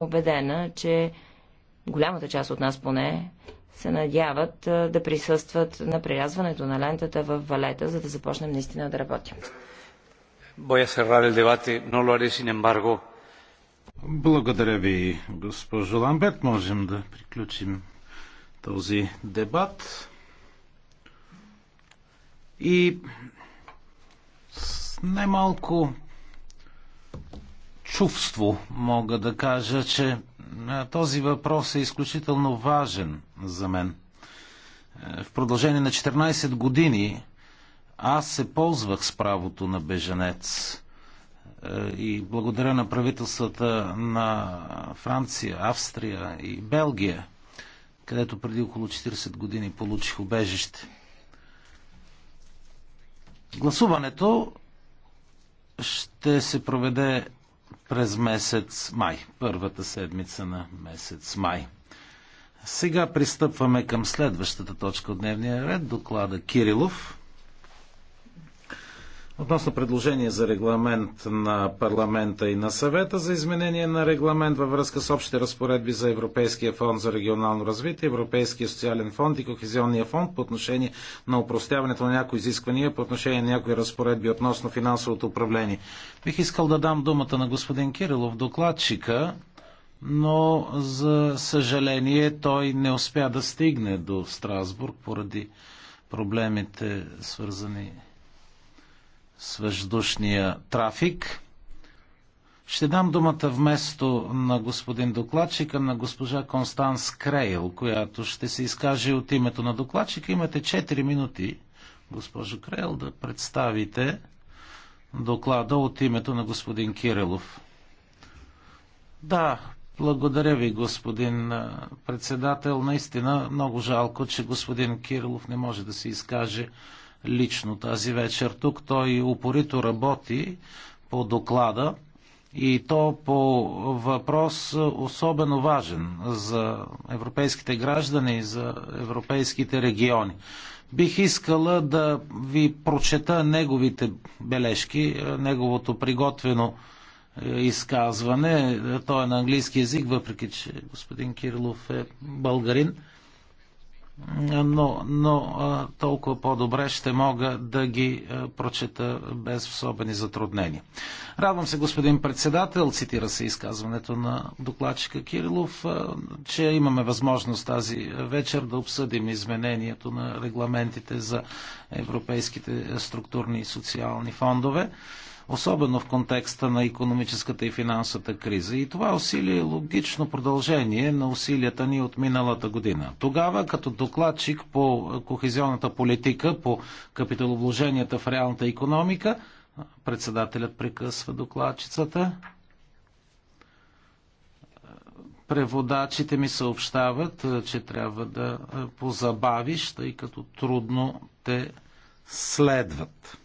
убедена, че голямата част от нас поне се надяват да присъстват на прирязването на лентата в Валета, за да започнем наистина да работим. Благодаря ви, госпожо Ламберт. Можем да приключим този дебат. И с малко чувство мога да кажа, че е, този въпрос е изключително важен за мен. Е, в продължение на 14 години аз се ползвах с правото на беженец е, и благодаря на правителствата на Франция, Австрия и Белгия, където преди около 40 години получих убежище. Гласуването ще се проведе през месец май, първата седмица на месец май. Сега пристъпваме към следващата точка от дневния ред, доклада Кирилов. Относно предложение за регламент на парламента и на съвета за изменение на регламент във връзка с общите разпоредби за Европейския фонд за регионално развитие, Европейския социален фонд и Кохезионния фонд по отношение на упростяването на някои изисквания по отношение на някои разпоредби относно финансовото управление. Бих искал да дам думата на господин Кирилов, докладчика, но за съжаление той не успя да стигне до Страсбург поради проблемите свързани с въздушния трафик. Ще дам думата вместо на господин докладчика на госпожа Констанс Крейл, която ще се изкаже от името на докладчика. Имате 4 минути, госпожо Крейл, да представите доклада от името на господин Кирилов. Да, благодаря ви, господин председател. Наистина много жалко, че господин Кирилов не може да се изкаже лично тази вечер тук. Той упорито работи по доклада и то по въпрос особено важен за европейските граждани и за европейските региони. Бих искала да ви прочета неговите бележки, неговото приготвено е, изказване. Той е на английски язик, въпреки че господин Кирилов е българин но, но толкова по-добре ще мога да ги прочета без особени затруднения. Радвам се, господин председател, цитира се изказването на докладчика Кирилов, че имаме възможност тази вечер да обсъдим изменението на регламентите за европейските структурни и социални фондове особено в контекста на економическата и финансовата криза. И това усилие е логично продължение на усилията ни от миналата година. Тогава, като докладчик по кохезионната политика, по капиталовложенията в реалната економика, председателят прекъсва докладчицата. Преводачите ми съобщават, че трябва да позабавиш, тъй като трудно те следват.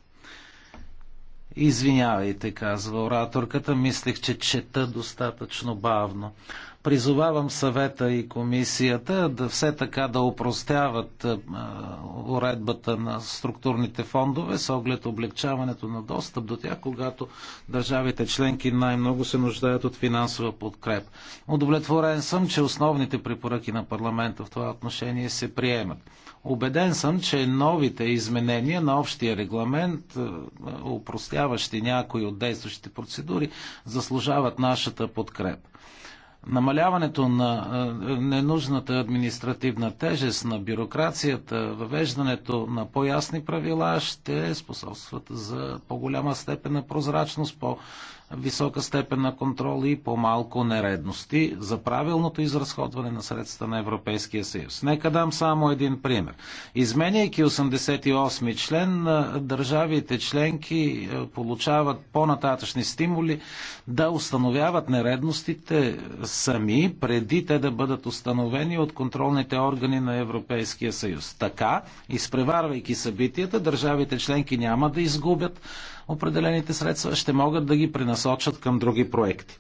Извинявайте, казва ораторката, мислех, че чета достатъчно бавно. Призовавам съвета и комисията да все така да упростяват уредбата на структурните фондове с оглед облегчаването на достъп до тях, когато държавите членки най-много се нуждаят от финансова подкреп. Удовлетворен съм, че основните препоръки на парламента в това отношение се приемат. Обеден съм, че новите изменения на общия регламент, е, упростяващи някои от действащите процедури, заслужават нашата подкрепа. Намаляването на е, ненужната административна тежест на бюрокрацията, въвеждането на по-ясни правила ще способстват за по-голяма степен на прозрачност, по висока степен на контрол и по-малко нередности за правилното изразходване на средства на Европейския съюз. Нека дам само един пример. Изменяйки 88 член, държавите членки получават по-нататъчни стимули да установяват нередностите сами, преди те да бъдат установени от контролните органи на Европейския съюз. Така, изпреварвайки събитията, държавите членки няма да изгубят определените средства, ще могат да ги пренасочат към други проекти.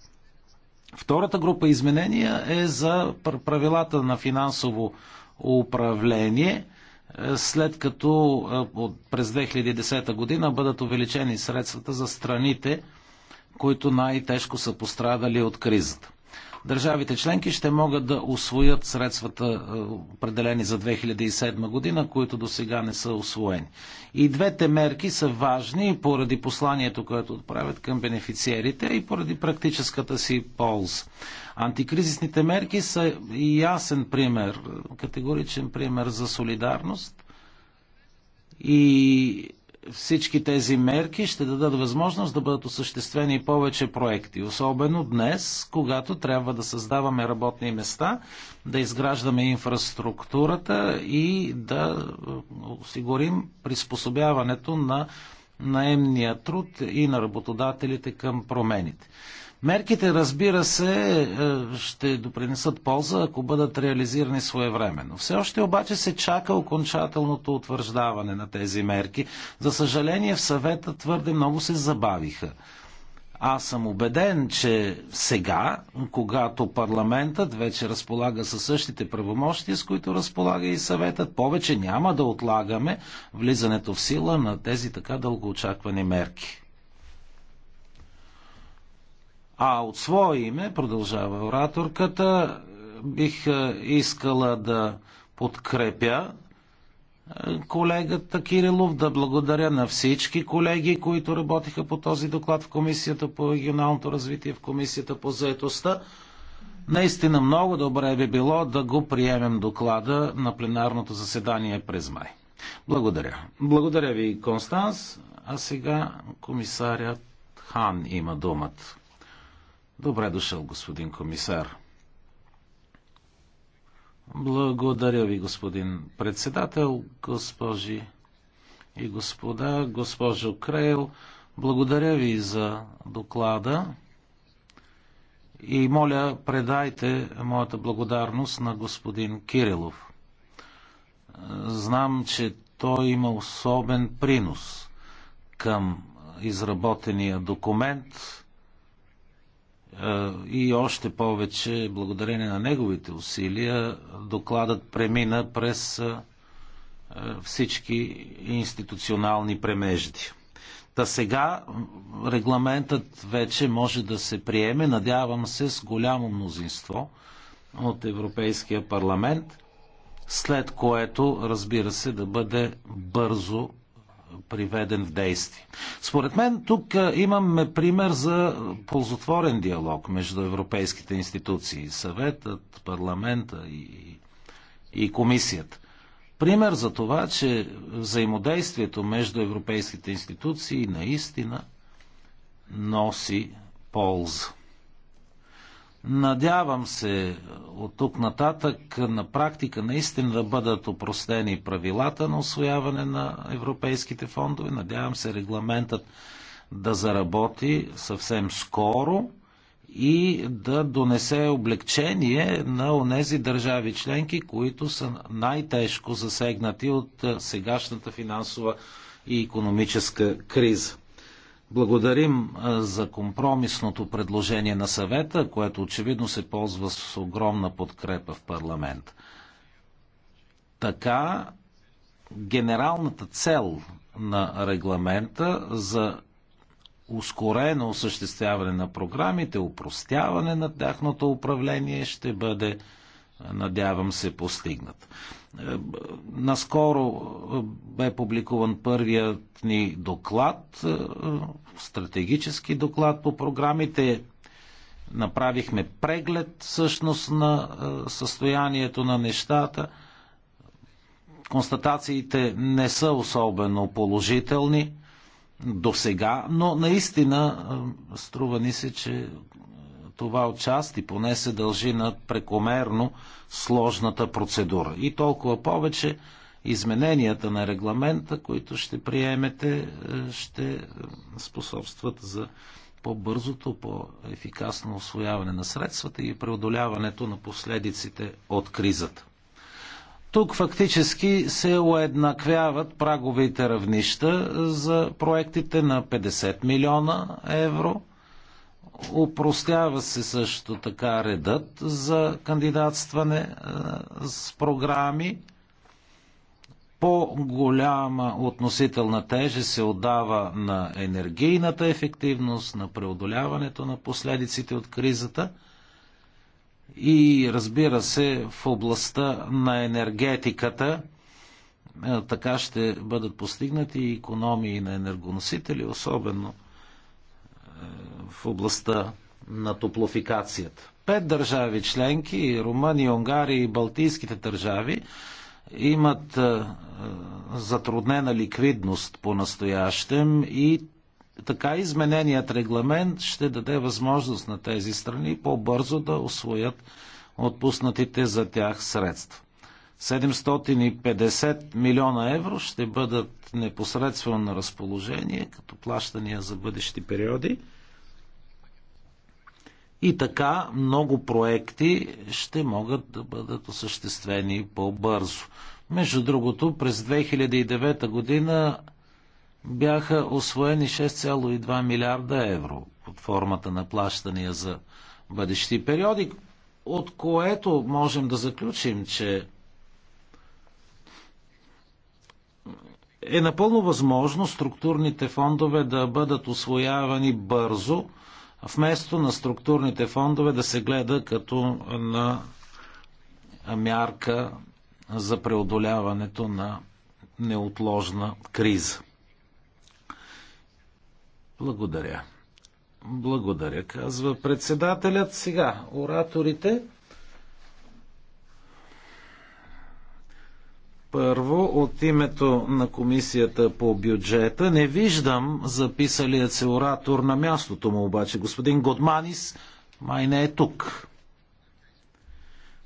Втората група изменения е за правилата на финансово управление, е, след като е, през 2010 година бъдат увеличени средствата за страните, които най-тежко са пострадали от кризата държавите членки ще могат да освоят средствата, е, определени за 2007 година, които до сега не са освоени. И двете мерки са важни поради посланието, което отправят към бенефициерите и поради практическата си полза. Антикризисните мерки са ясен пример, е, категоричен пример за солидарност и всички тези мерки ще дадат възможност да бъдат осъществени повече проекти. Особено днес, когато трябва да създаваме работни места, да изграждаме инфраструктурата и да е, осигурим приспособяването на наемния труд и на работодателите към промените. Мерките, разбира се, е, ще допринесат полза, ако бъдат реализирани своевременно. Все още обаче се чака окончателното утвърждаване на тези мерки. За съжаление, в съвета твърде много се забавиха. Аз съм убеден, че сега, когато парламентът вече разполага със същите правомощия, с които разполага и съветът, повече няма да отлагаме влизането в сила на тези така дългоочаквани мерки. А от свое име, продължава ораторката, бих е, искала да подкрепя е, колегата Кирилов, да благодаря на всички колеги, които работиха по този доклад в Комисията по регионалното развитие, в Комисията по заетостта. Наистина много добре би било да го приемем доклада на пленарното заседание през май. Благодаря. Благодаря ви, Констанс. А сега комисарят Хан има думата. Добре дошъл, господин комисар. Благодаря ви, господин председател, госпожи и господа, госпожо Крейл. Благодаря ви за доклада и моля, предайте моята благодарност на господин Кирилов. Знам, че той има особен принос към изработения документ и още повече, благодарение на неговите усилия, докладът премина през всички институционални премежди. Та сега регламентът вече може да се приеме, надявам се, с голямо мнозинство от Европейския парламент, след което, разбира се, да бъде бързо приведен в действие. Според мен тук имаме пример за ползотворен диалог между европейските институции, съветът, парламента и, и комисията. Пример за това, че взаимодействието между европейските институции наистина носи полза. Надявам се е, от тук нататък е, на практика наистина да бъдат опростени правилата на освояване на европейските фондове. Надявам се регламентът да заработи съвсем скоро и да донесе облегчение на онези държави членки, които са най-тежко засегнати от е, сегашната финансова и економическа криза. Благодарим за компромисното предложение на съвета, което очевидно се ползва с огромна подкрепа в парламент. Така, генералната цел на регламента за ускорено осъществяване на програмите, упростяване на тяхното управление ще бъде, надявам се, постигнат. Наскоро е, бе публикуван първият ни доклад, е, стратегически доклад по програмите. Направихме преглед всъщност на е, състоянието на нещата. Констатациите не са особено положителни до сега, но наистина струва ни се, че това отчасти поне се дължи на прекомерно сложната процедура. И толкова повече измененията на регламента, които ще приемете, е, ще е, способстват за по-бързото, по-ефикасно освояване на средствата и преодоляването на последиците от кризата. Тук фактически се уеднаквяват праговите равнища за проектите на 50 милиона евро Опростява се също така редът за кандидатстване е, с програми. По-голяма относителна теже се отдава на енергийната ефективност, на преодоляването на последиците от кризата и разбира се в областта на енергетиката е, така ще бъдат постигнати и економии на енергоносители, особено в областта на топлофикацията. Пет държави членки Румъния, Унгария и Балтийските държави имат е, е, затруднена ликвидност по настоящем и така измененият регламент ще даде възможност на тези страни по-бързо да освоят отпуснатите за тях средства. 750 милиона евро ще бъдат непосредствено на разположение като плащания за бъдещи периоди. И така много проекти ще могат да бъдат осъществени по-бързо. Между другото, през 2009 година бяха освоени 6,2 милиарда евро под формата на плащания за бъдещи периоди, от което можем да заключим, че е напълно възможно структурните фондове да бъдат освоявани бързо, вместо на структурните фондове да се гледа като на мярка за преодоляването на неотложна криза. Благодаря. Благодаря, казва председателят. Сега, ораторите. Първо, от името на комисията по бюджета не виждам записалият се оратор на мястото му, обаче господин Годманис май не е тук.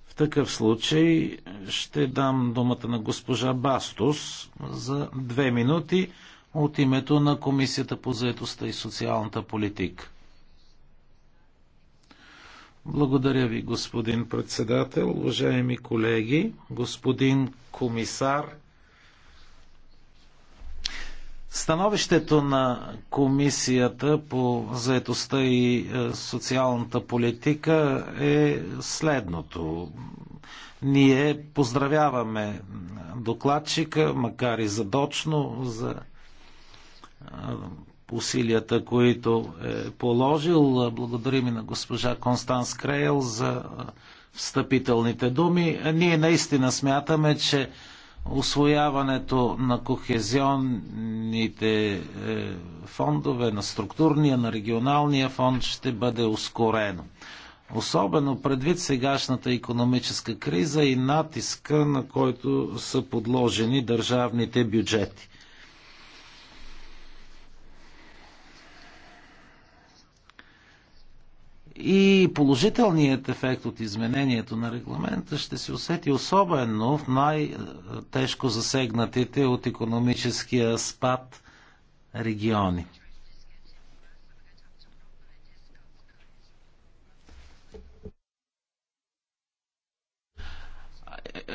В такъв случай ще дам думата на госпожа Бастос за две минути от името на Комисията по заедостта и социалната политика. Благодаря ви, господин председател, уважаеми колеги, господин комисар. Становището на Комисията по заедостта и е, социалната политика е следното. Ние поздравяваме докладчика, макар и задочно, за е, усилията, които е положил. Благодарим и на госпожа Констанс Крейл за е, встъпителните думи. Ние наистина смятаме, че освояването на кохезионните е, фондове, на структурния, на регионалния фонд ще бъде ускорено. Особено предвид сегашната економическа криза и натиска, на който са подложени държавните бюджети. И положителният ефект от изменението на регламента ще се усети особено в най-тежко засегнатите от економическия спад региони.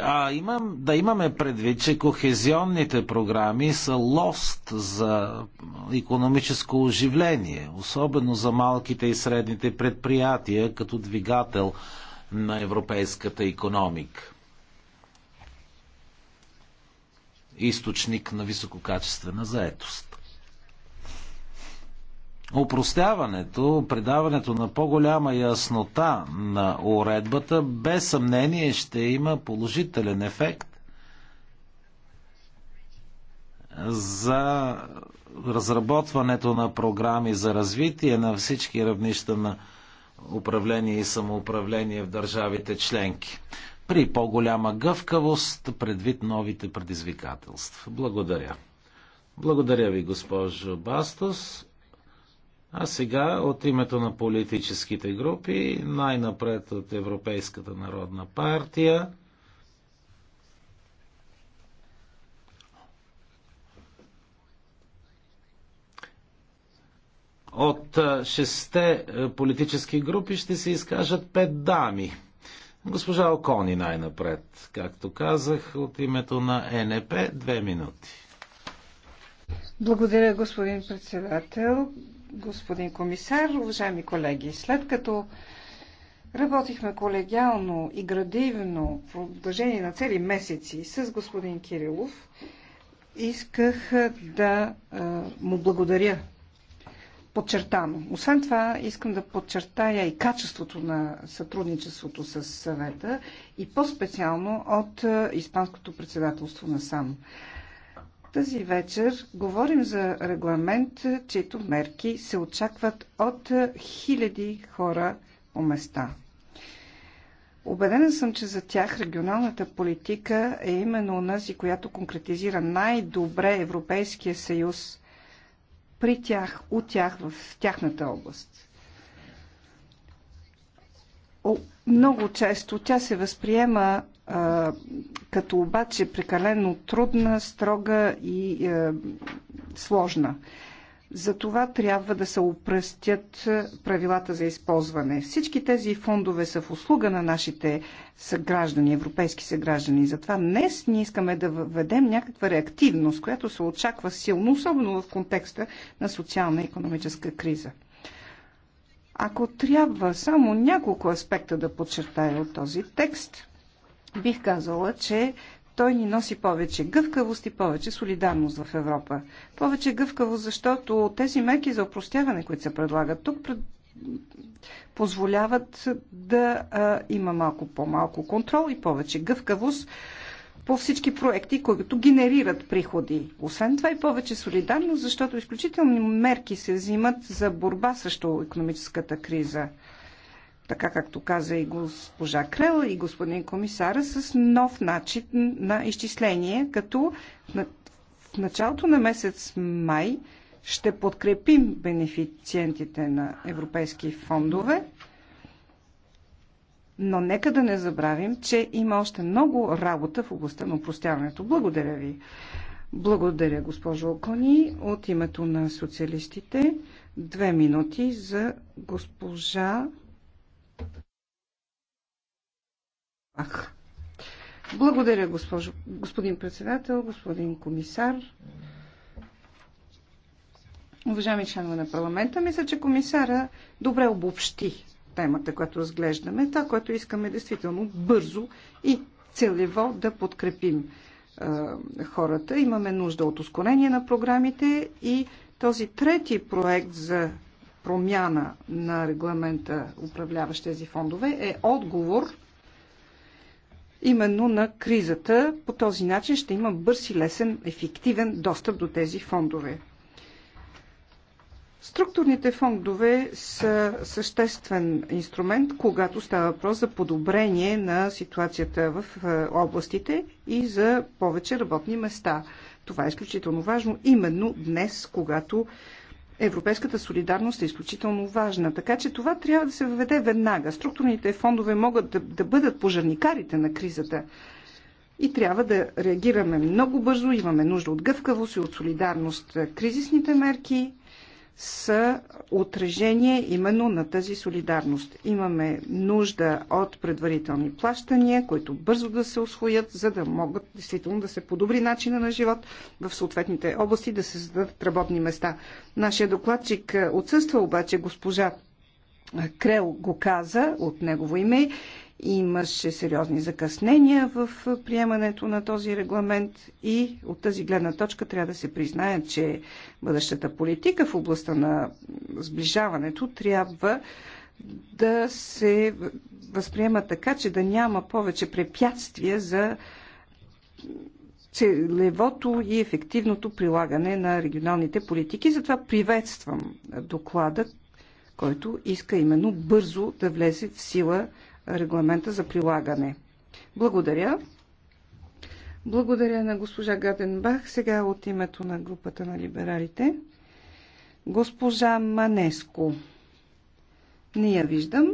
а имам, да имаме предвид, че кохезионните програми са лост за економическо оживление, особено за малките и средните предприятия като двигател на европейската економика. Източник на висококачествена заетост. Опростяването, предаването на по-голяма яснота на уредбата, без съмнение ще има положителен ефект за разработването на програми за развитие на всички равнища на управление и самоуправление в държавите членки. При по-голяма гъвкавост предвид новите предизвикателства. Благодаря. Благодаря ви, госпожо Бастос. А сега от името на политическите групи, най-напред от Европейската народна партия, от шесте политически групи ще се изкажат пет дами. Госпожа Окони най-напред, както казах, от името на НП, две минути. Благодаря, господин председател господин комисар, уважаеми колеги. След като работихме колегиално и градивно в продължение на цели месеци с господин Кирилов, исках да му благодаря подчертано. Освен това, искам да подчертая и качеството на сътрудничеството с съвета и по-специално от Испанското председателство на сам. Тази вечер говорим за регламент, чието мерки се очакват от хиляди хора по места. Обедена съм, че за тях регионалната политика е именно онази, която конкретизира най-добре Европейския съюз при тях, у тях, в тяхната област. О, много често тя се възприема като обаче прекалено трудна, строга и е, сложна. За това трябва да се упръстят е, правилата за използване. Всички тези фондове са в услуга на нашите съграждани, европейски съграждани. Затова днес ние искаме да введем някаква реактивност, която се очаква силно, особено в контекста на социална и економическа криза. Ако трябва само няколко аспекта да подчертая от този текст, бих казала, че той ни носи повече гъвкавост и повече солидарност в Европа. Повече гъвкавост, защото тези мерки за опростяване, които се предлагат тук, пред... позволяват да а, има малко по-малко контрол и повече гъвкавост по всички проекти, които генерират приходи. Освен това и повече солидарност, защото изключителни мерки се взимат за борба срещу економическата криза така както каза и госпожа Крел и господин комисара, с нов начин на изчисление, като в началото на месец май ще подкрепим бенефициентите на европейски фондове, но нека да не забравим, че има още много работа в областта на упростяването. Благодаря ви. Благодаря, госпожо Окони. От името на социалистите, две минути за госпожа Ах. Благодаря, госпожо, господин председател, господин комисар. Уважаеми членове на парламента, мисля, че комисара добре обобщи темата, която разглеждаме, това, което искаме е действително бързо и целево да подкрепим е, хората. Имаме нужда от ускорение на програмите и този трети проект за промяна на регламента, управляващ тези фондове, е отговор именно на кризата. По този начин ще има бърз и лесен, ефективен достъп до тези фондове. Структурните фондове са съществен инструмент, когато става въпрос за подобрение на ситуацията в е, областите и за повече работни места. Това е изключително важно именно днес, когато европейската солидарност е изключително важна. Така че това трябва да се въведе веднага. Структурните фондове могат да, да бъдат пожарникарите на кризата. И трябва да реагираме много бързо. Имаме нужда от гъвкавост и от солидарност. Кризисните мерки са отражение именно на тази солидарност. Имаме нужда от предварителни плащания, които бързо да се освоят, за да могат действително да се подобри начина на живот в съответните области, да се създадат работни места. Нашия докладчик отсъства обаче госпожа Крел го каза от негово име Имаше сериозни закъснения в приемането на този регламент и от тази гледна точка трябва да се признае, че бъдещата политика в областта на сближаването трябва да се възприема така, че да няма повече препятствия за целевото и ефективното прилагане на регионалните политики. Затова приветствам доклада, който иска именно бързо да влезе в сила регламента за прилагане. Благодаря. Благодаря на госпожа Гаденбах. Сега от името на групата на либералите. Госпожа Манеско. Не я виждам.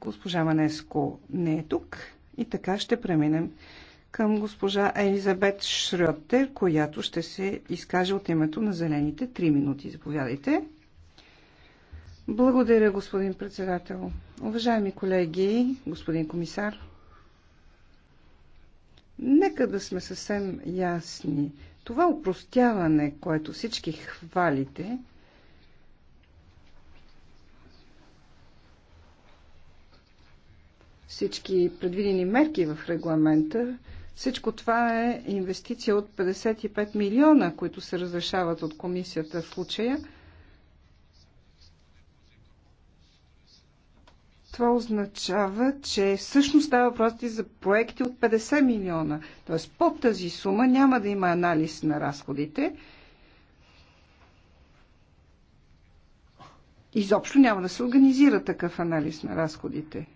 Госпожа Манеско не е тук. И така ще преминем към госпожа Елизабет Шръптер, която ще се изкаже от името на Зелените. Три минути, заповядайте. Благодаря, господин председател. Уважаеми колеги, господин комисар, нека да сме съвсем ясни. Това упростяване, което всички хвалите, всички предвидени мерки в регламента, всичко това е инвестиция от 55 милиона, които се разрешават от комисията в случая – Това означава, че всъщност става въпрос и за проекти от 50 милиона. Т.е. под тази сума няма да има анализ на разходите. Изобщо няма да се организира такъв анализ на разходите.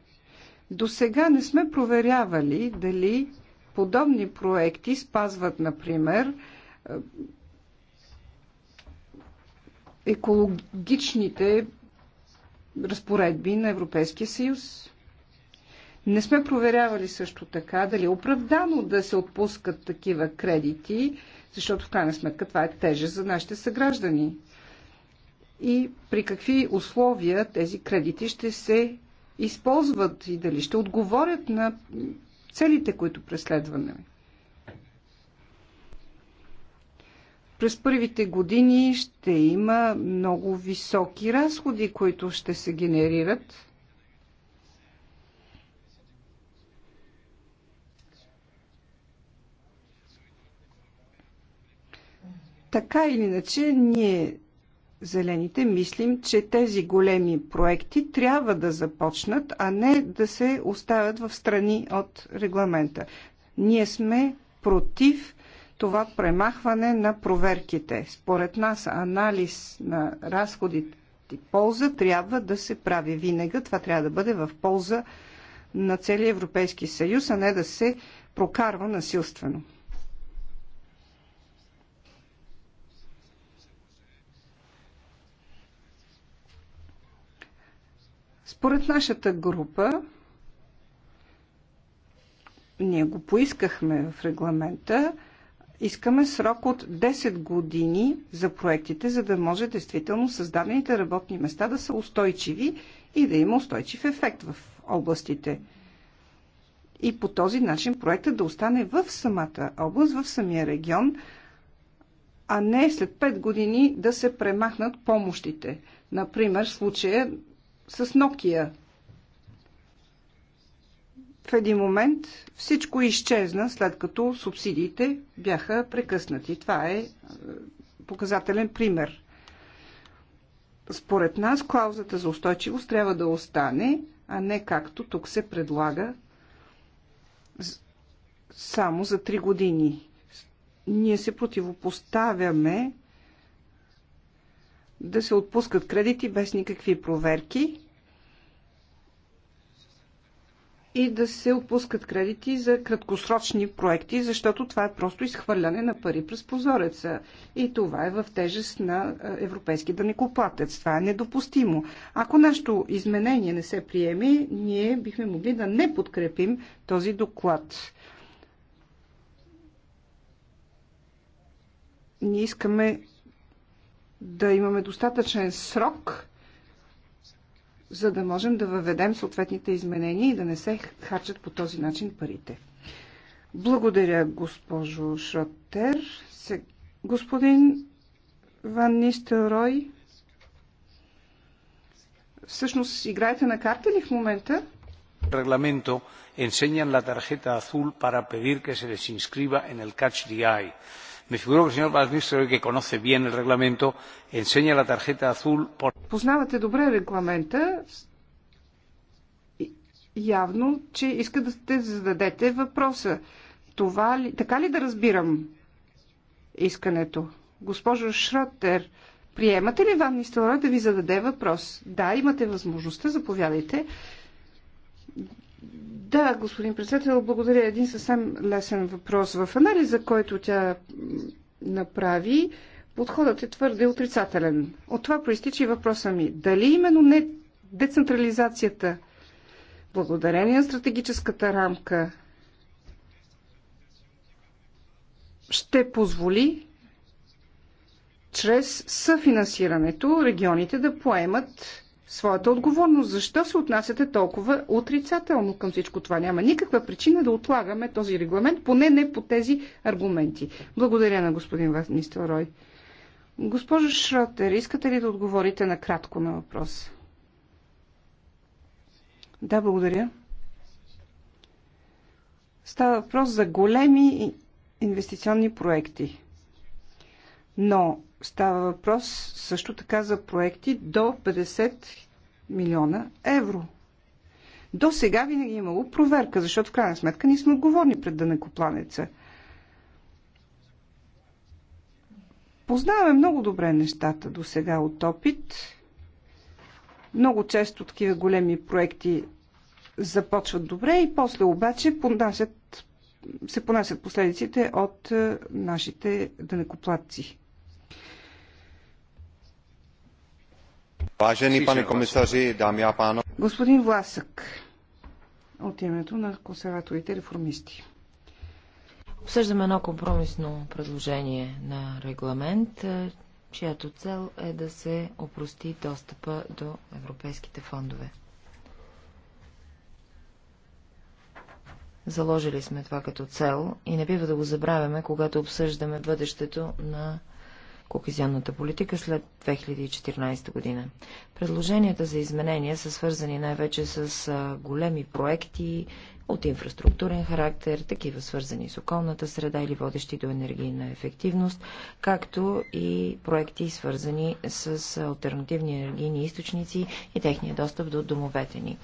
До сега не сме проверявали дали подобни проекти спазват, например, е, екологичните разпоредби на Европейския съюз. Не сме проверявали също така дали е оправдано да се отпускат такива кредити, защото в крайна сметка това е тежест за нашите съграждани. И при какви условия тези кредити ще се използват и дали ще отговорят на целите, които преследваме. През първите години ще има много високи разходи, които ще се генерират. Така или иначе, ние зелените мислим, че тези големи проекти трябва да започнат, а не да се оставят в страни от регламента. Ние сме против това премахване на проверките. Според нас анализ на разходите и полза трябва да се прави винаги. Това трябва да бъде в полза на целия Европейски съюз, а не да се прокарва насилствено. Според нашата група, ние го поискахме в регламента, Искаме срок от 10 години за проектите, за да може действително създадените работни места да са устойчиви и да има устойчив ефект в областите. И по този начин проектът да остане в самата област, в самия регион, а не след 5 години да се премахнат помощите. Например, случая с Nokia в един момент всичко изчезна, след като субсидиите бяха прекъснати. Това е, е показателен пример. Според нас клаузата за устойчивост трябва да остане, а не както тук се предлага само за 3 години. Ние се противопоставяме да се отпускат кредити без никакви проверки и да се отпускат кредити за краткосрочни проекти, защото това е просто изхвърляне на пари през прозореца. И това е в тежест на европейски данекоплатец. Това е недопустимо. Ако нашето изменение не се приеме, ние бихме могли да не подкрепим този доклад. Ние искаме да имаме достатъчен срок за да можем да въведем съответните изменения и да не се харчат по този начин парите. Благодаря, госпожо Шротер. Господин Ван Нистелрой, всъщност играете на карта ли в момента? Регламенто enseñan la tarjeta azul para pedir que se les inscriba en el catch the eye Me figuro que el señor Basmister, que conoce bien el reglamento, enseña la tarjeta azul por... Познавате добре регламента. Явно, че иска да сте зададете въпроса. Това ли, така ли да разбирам искането? Госпожо Шротер, приемате ли Ван Нистелрой да ви зададе въпрос? Да, имате възможността, заповядайте. Да, господин председател, благодаря. Един съвсем лесен въпрос. В анализа, който тя направи, подходът е твърде отрицателен. От това проистича и въпроса ми. Дали именно не децентрализацията, благодарение на стратегическата рамка, ще позволи чрез съфинансирането регионите да поемат своята отговорност. Защо се отнасяте толкова отрицателно към всичко това? Няма никаква причина да отлагаме този регламент, поне не по тези аргументи. Благодаря на господин Ванистел Рой. Госпожо Шротер, искате ли да отговорите на кратко на въпрос? Да, благодаря. Става въпрос за големи инвестиционни проекти. Но Става въпрос също така за проекти до 50 милиона евро. До сега винаги е имало проверка, защото в крайна сметка ние сме отговорни пред дънекопланеца. Познаваме много добре нещата до сега от опит. Много често такива големи проекти започват добре и после обаче понасят, се понасят последиците от е, нашите дънекоплатци. Vážený pane dámy a Господин Власък, от името на консерваторите реформисти. Обсъждаме едно компромисно предложение на регламент, е, чиято цел е да се опрости достъпа до европейските фондове. Заложили сме това като цел и не бива да го забравяме, когато обсъждаме бъдещето на кохезионната политика след 2014 година. Предложенията за изменения са свързани най-вече с големи проекти от инфраструктурен характер, такива свързани с околната среда или водещи до енергийна ефективност, както и проекти свързани с альтернативни енергийни източници и техния достъп до домовете ни.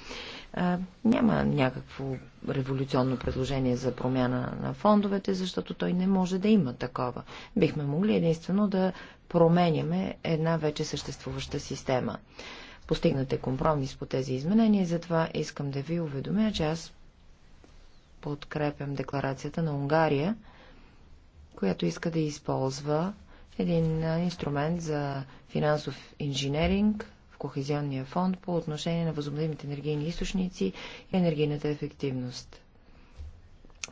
Няма някакво революционно предложение за промяна на фондовете, защото той не може да има такова. Бихме могли единствено да променяме една вече съществуваща система. Постигнате компромис по тези изменения и затова искам да ви уведомя, че аз подкрепям декларацията на Унгария, която иска да използва един инструмент за финансов инженеринг в Кохезионния фонд по отношение на възобновимите енергийни източници и енергийната ефективност.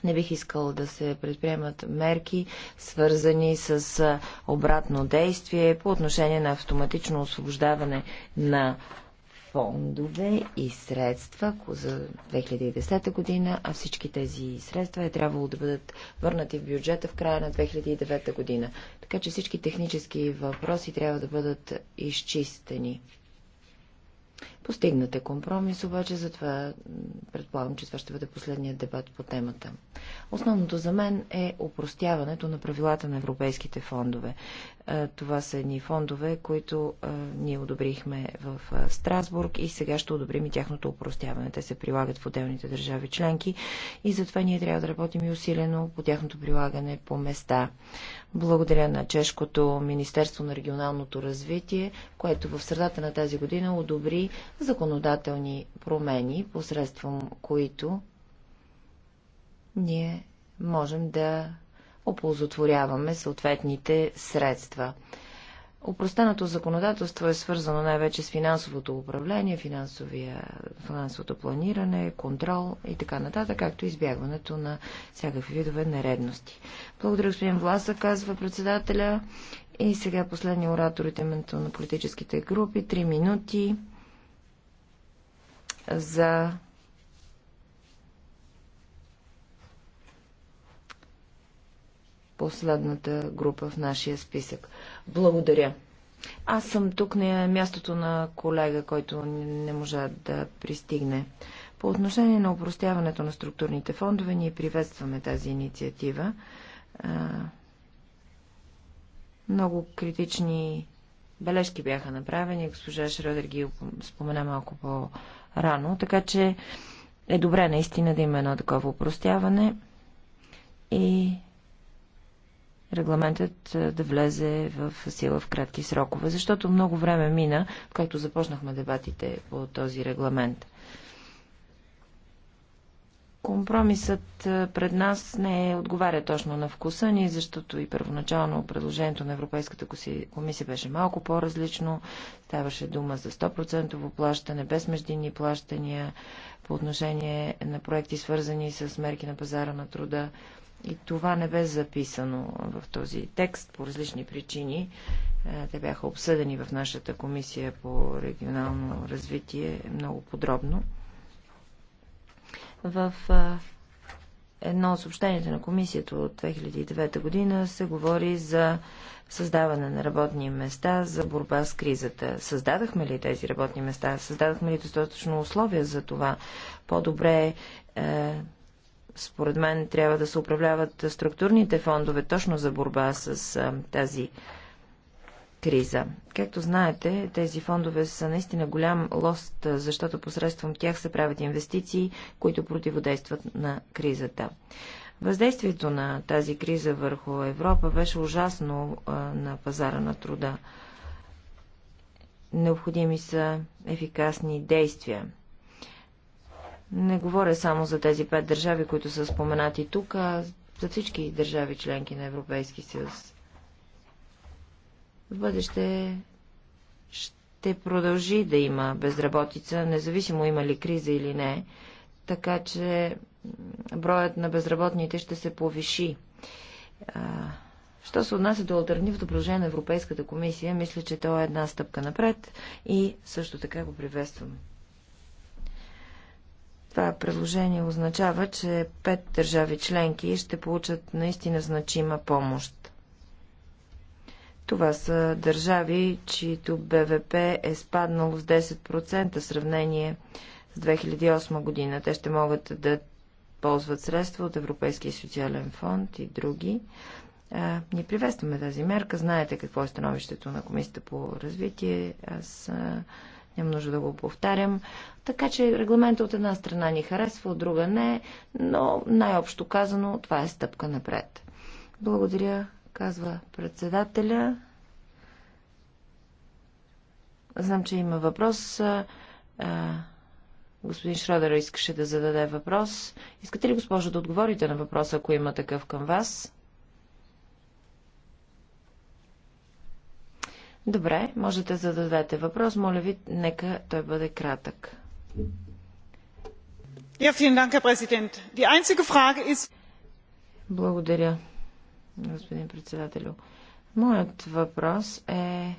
Не бих искал да се предприемат мерки, свързани с обратно действие по отношение на автоматично освобождаване на фондове и средства за 2010 година, а всички тези средства е трябвало да бъдат върнати в бюджета в края на 2009 година. Така че всички технически въпроси трябва да бъдат изчистени. Постигнате компромис, обаче затова предполагам, че това ще бъде последният дебат по темата. Основното за мен е упростяването на правилата на европейските фондове. Е, това са едни фондове, които е, ние одобрихме в е, Страсбург и сега ще одобрим и тяхното упростяване. Те се прилагат в отделните държави членки и затова ние трябва да работим и усилено по тяхното прилагане по места. Благодаря на Чешкото Министерство на регионалното развитие, което в средата на тази година одобри законодателни промени, посредством които ние можем да оползотворяваме съответните средства. Опростеното законодателство е свързано най-вече с финансовото управление, финансовото планиране, контрол и така нататък, както избягването на всякакви видове нередности. Благодаря, господин Власа, казва председателя. И сега последния оратор от името на политическите групи. Три минути за последната група в нашия списък. Благодаря. Аз съм тук на мястото на колега, който не можа да пристигне. По отношение на упростяването на структурните фондове, ние приветстваме тази инициатива. Много критични бележки бяха направени. Госпожа Шредер ги спомена малко по-рано, така че е добре наистина да има едно такова упростяване и регламентът да влезе в сила в кратки срокове, защото много време мина, когато започнахме дебатите по този регламент. Компромисът пред нас не е отговаря точно на вкуса ни, защото и първоначално предложението на Европейската комисия беше малко по-различно. Ставаше дума за 100% плащане, без междинни плащания по отношение на проекти, свързани с мерки на пазара на труда. И това не бе записано в този текст по различни причини. Е, те бяха обсъдени в нашата комисия по регионално развитие много подробно. В е, едно от съобщенията на комисията от 2009 година се говори за създаване на работни места за борба с кризата. Създадахме ли тези работни места? Създадахме ли достатъчно условия за това? По-добре е, според мен трябва да се управляват структурните фондове точно за борба с а, тази криза. Както знаете, тези фондове са наистина голям лост, защото посредством тях се правят инвестиции, които противодействат на кризата. Въздействието на тази криза върху Европа беше ужасно а, на пазара на труда. Необходими са ефикасни действия. Не говоря само за тези пет държави, които са споменати тук, а за всички държави членки на Европейски съюз. В бъдеще ще продължи да има безработица, независимо има ли криза или не, така че броят на безработните ще се повиши. Що се отнася до альтернативното предложение на Европейската комисия, мисля, че то е една стъпка напред и също така го приветствам. Това предложение означава, че пет държави членки ще получат наистина значима помощ. Това са държави, чието БВП е спаднало с 10% в сравнение с 2008 година. Те ще могат да ползват средства от Европейския социален фонд и други. А, ние приветстваме тази мерка. Знаете какво е становището на Комисията по развитие. Аз а, няма нужда да го повтарям. Така че регламента от една страна ни харесва, от друга не, но най-общо казано това е стъпка напред. Благодаря, казва председателя. Знам, че има въпрос. Господин Шродера искаше да зададе въпрос. Искате ли, госпожо, да отговорите на въпроса, ако има такъв към вас? Добре, можете да зададете въпрос. Моля ви, нека той бъде кратък. Благодаря, господин председателю. Моят въпрос е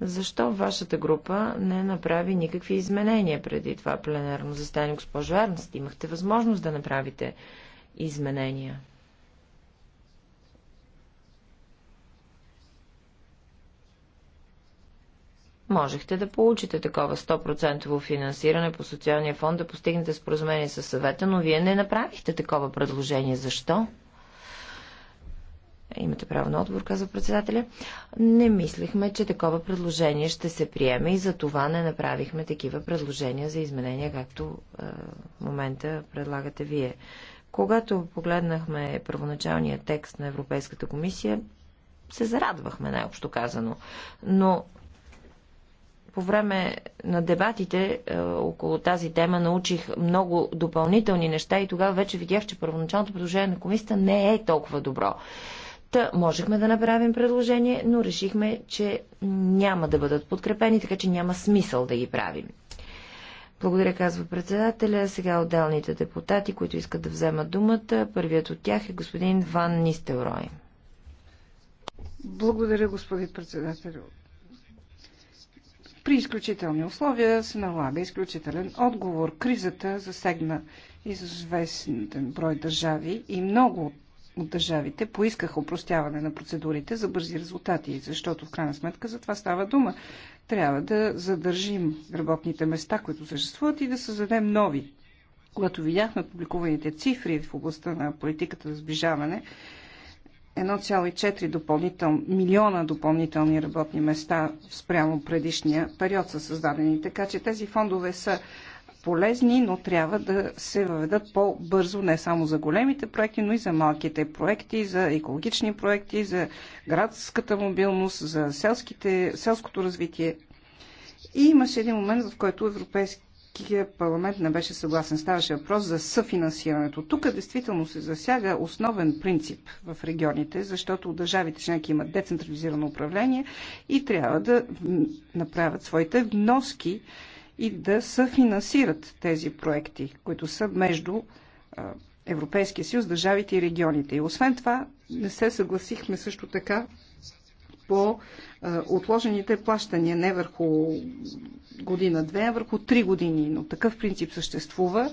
защо вашата група не направи никакви изменения преди това пленарно застане, госпожо Ернст? Имахте възможност да направите изменения. можехте да получите такова 100% финансиране по социалния фонд, да постигнете споразумение с съвета, но вие не направихте такова предложение. Защо? Имате право на отговор, казва председателя. Не мислихме, че такова предложение ще се приеме и за това не направихме такива предложения за изменения, както е, в момента предлагате вие. Когато погледнахме първоначалния текст на Европейската комисия, се зарадвахме, най-общо казано. Но по време на дебатите е, около тази тема научих много допълнителни неща и тогава вече видях, че първоначалното предложение на комисията не е толкова добро. Та можехме да направим предложение, но решихме, че няма да бъдат подкрепени, така че няма смисъл да ги правим. Благодаря, казва председателя. Сега отделните депутати, които искат да вземат думата. Първият от тях е господин Ван Нистелрой. Благодаря, господин председател. При изключителни условия се налага изключителен отговор. Кризата засегна известен брой държави и много от държавите поискаха упростяване на процедурите за бързи резултати, защото в крайна сметка за това става дума. Трябва да задържим работните места, които съществуват и да създадем нови. Когато видяхме публикуваните цифри в областта на политиката за сближаване, 1,4 допълнител, милиона допълнителни работни места спрямо предишния период са създадени. Така че тези фондове са полезни, но трябва да се въведат по-бързо не само за големите проекти, но и за малките проекти, за екологични проекти, за градската мобилност, за селските, селското развитие. И имаше един момент, в който Европейски Европейския парламент не беше съгласен. Ставаше въпрос за съфинансирането. Тук действително се засяга основен принцип в регионите, защото държавите членки имат децентрализирано управление и трябва да направят своите вноски и да съфинансират тези проекти, които са между Европейския съюз, държавите и регионите. И освен това, не се съгласихме също така по отложените плащания не върху година-две, а върху три години. Но такъв принцип съществува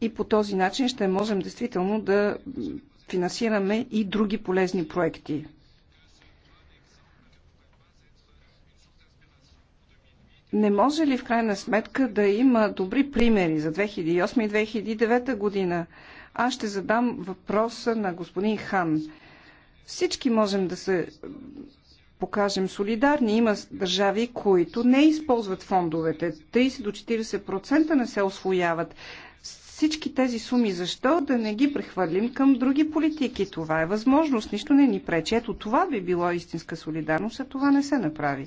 и по този начин ще можем действително да финансираме и други полезни проекти. Не може ли в крайна сметка да има добри примери за 2008 и 2009 година? Аз ще задам въпроса на господин Хан. Всички можем да се покажем солидарни. Има държави, които не използват фондовете. 30 до 40% не се освояват. Всички тези суми защо да не ги прехвърлим към други политики? Това е възможност. Нищо не ни пречи. Ето това би било истинска солидарност, а това не се направи.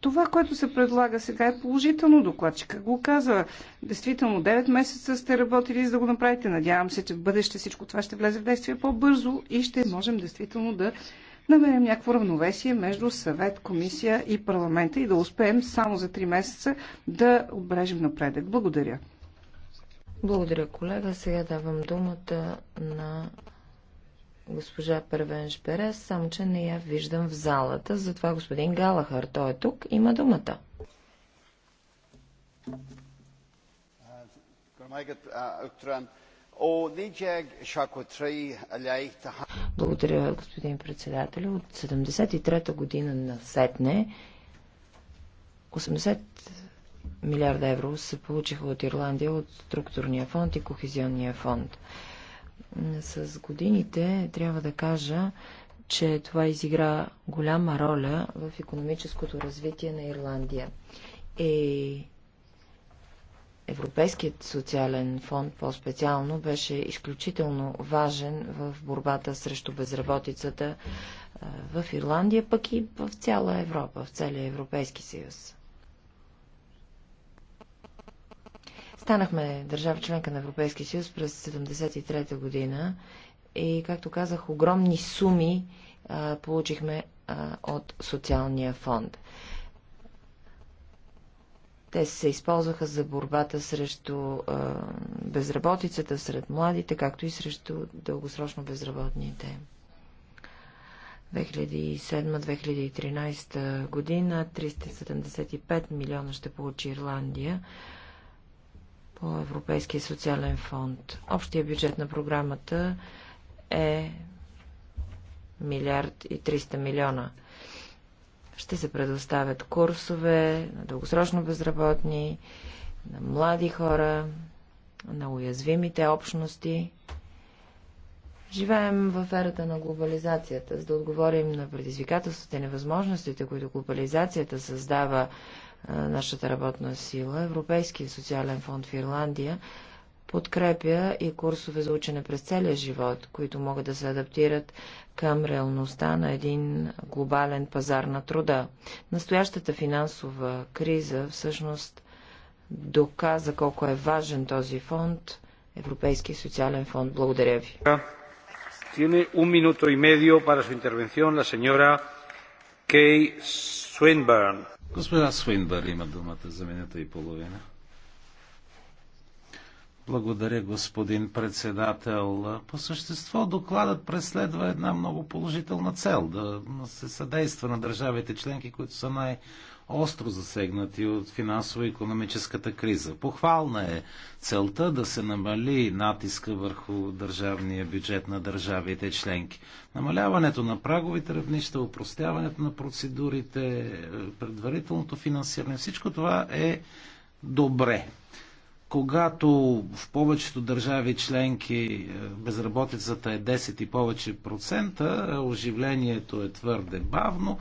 Това, което се предлага сега е положително. Докладчика го каза. Действително, 9 месеца сте работили за да го направите. Надявам се, че в бъдеще всичко това ще влезе в действие по-бързо и ще можем действително да намерим някакво равновесие между съвет, комисия и парламента и да успеем само за 3 месеца да обрежем напредък. Благодаря. Благодаря, колега. Сега давам думата на госпожа Първенш Перес, само че не я виждам в залата, затова господин Галахър, той е тук, има думата. Благодаря, господин председател. От 73-та година на Сетне 80 милиарда евро се получиха от Ирландия от структурния фонд и кохезионния фонд. С годините трябва да кажа, че това изигра голяма роля в економическото развитие на Ирландия. И е, Европейският социален фонд по-специално беше изключително важен в борбата срещу безработицата в Ирландия, пък и в цяла Европа, в целия Европейски съюз. Станахме държава членка на Европейския съюз през 1973 година и, както казах, огромни суми а, получихме а, от социалния фонд. Те се използваха за борбата срещу а, безработицата сред младите, както и срещу дългосрочно безработните. 2007-2013 година 375 милиона ще получи Ирландия по Европейския социален фонд. Общия бюджет на програмата е милиард и 300 милиона. Ще се предоставят курсове на дългосрочно безработни, на млади хора, на уязвимите общности. Живеем в ерата на глобализацията. За да отговорим на предизвикателствата и невъзможностите, които глобализацията създава нашата работна сила. Европейския социален фонд в Ирландия подкрепя и курсове за учене през целия живот, които могат да се адаптират към реалността на един глобален пазар на труда. Настоящата финансова криза всъщност доказа колко е важен този фонд, Европейския социален фонд. Благодаря ви. Tiene un minuto y medio para su intervención la señora Kay Swinburne. Господа Свинбър има думата за минута и половина. Благодаря, господин председател. По същество докладът преследва една много положителна цел да се съдейства на държавите членки, които са най- остро засегнати от финансово-економическата криза. Похвална е целта да се намали натиска върху държавния бюджет на държавите членки. Намаляването на праговите равнища, упростяването на процедурите, е, предварителното финансиране, всичко това е добре когато в повечето държави членки е, безработицата е 10 и повече процента, оживлението е твърде бавно,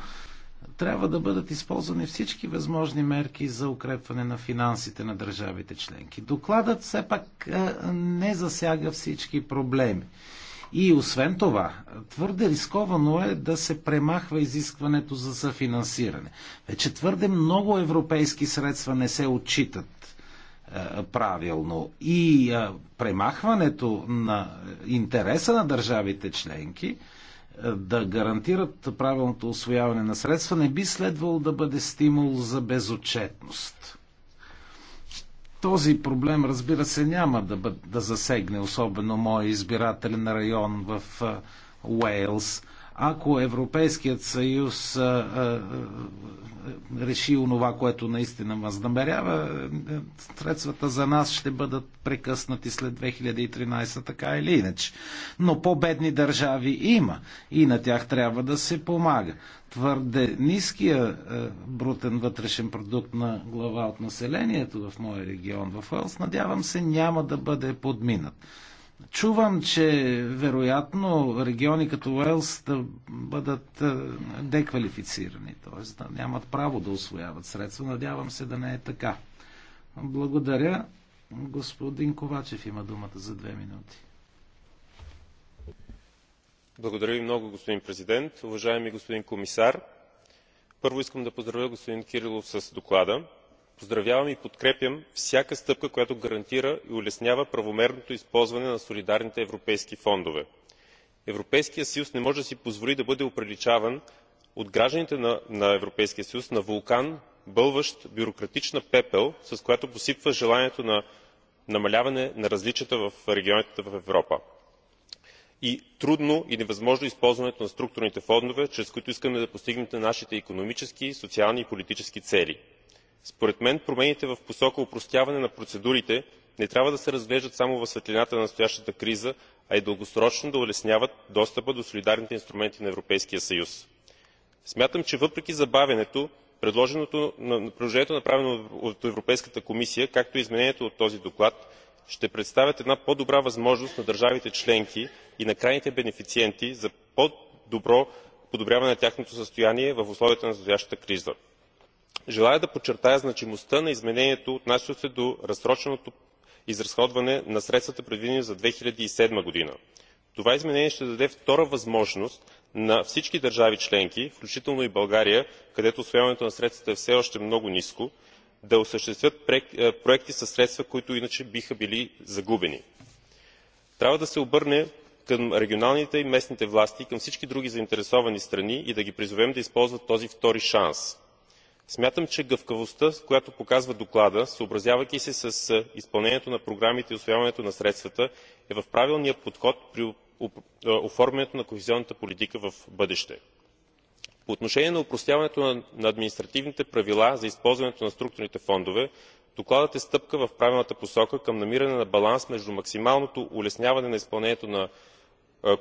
трябва да бъдат използвани всички възможни мерки за укрепване на финансите на държавите членки. Докладът все пак е, не засяга всички проблеми. И освен това, твърде рисковано е да се премахва изискването за съфинансиране. Вече твърде много европейски средства не се отчитат е, правилно. И е, премахването на интереса на държавите членки да гарантират правилното освояване на средства, не би следвало да бъде стимул за безотчетност. Този проблем, разбира се, няма да, бъд, да засегне особено мой избирателен район в Уейлс. Ако Европейският съюз а, а, реши онова, което наистина възнамерява, средствата за нас ще бъдат прекъснати след 2013, така или иначе. Но по-бедни държави има и на тях трябва да се помага. Твърде ниския е, брутен вътрешен продукт на глава от населението в моя регион, в Уелс, надявам се, няма да бъде подминат. Чувам, че вероятно региони като Уелс да бъдат е, деквалифицирани, т.е. да нямат право да освояват средства. Надявам се да не е така. Благодаря. Господин Ковачев има думата за две минути. Благодаря ви много, господин президент. Уважаеми господин комисар, първо искам да поздравя господин Кирилов с доклада поздравявам и подкрепям всяка стъпка която гарантира и улеснява правомерното използване на солидарните европейски фондове. европейският съюз не може да си позволи да бъде оприличаван от гражданите на европейския съюз на вулкан бълващ бюрократична пепел с която посипва желанието за намаляване на различията в регионите в европа и трудно и невъзможно използването на структурните фондове чрез които искаме да постигнем нашите икономически социални и политически цели според мен промените в посока опростяване на процедурите не трябва да се разглеждат само в светлината на настоящата криза а и дългосрочно да улесняват достъпа до солидарните инструменти на европейския съюз. смятам че въпреки забавянето предложението направено от европейската комисия както и изменението от този доклад ще представят една по добра възможност на държавите членки и на крайните бенефициенти за по добро подобряване на тяхното състояние в условията на настоящата криза желая да подчертая значимостта на изменението отнасящо се до разсроченото изразходване на средствата предвидени за 2007 г. това изменение ще даде втора възможност на всички държави членки включително и българя където усвояването на средствата е все още много ниско да осъществят е, проекти със средства които иначе биха били загубени. трябва да се обърнем към регионалните и местните власти и към всички други заинтересовани страни и да ги призовем да използват този втори шанс смятам че гъвкавостта която показва докладът съобразявайки се с изпълнението на програмите и усвояването на средствата е в правилния подход при оформянето на кохезионната политика в бъдеще. по отношение на опростяването на административните правила за използването на структурните фондове докладът е стъпка в правилната посока към намиране на баланс между максималното улесняване на изпълнението на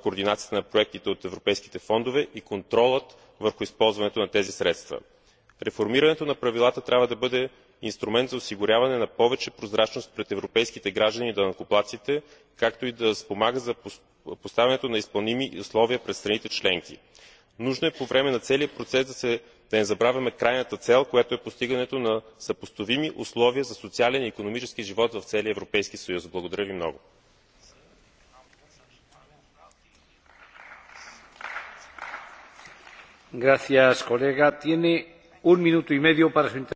координацията на проектите от европейските фондове и контролът върху използването на тези средства реформирането на правилата трябва да бъде инструмент за осигуряване на повече прозрачност пред европейските граждани и данъкоплатците както и да спомага за поставянето на изпълними условия пред страните членки. нужно е по време на целия процес да не забравяме крайната цел която е постигането на съпоставими условия за социален и икономически живот в целия европейски съюз. благодаря ви много.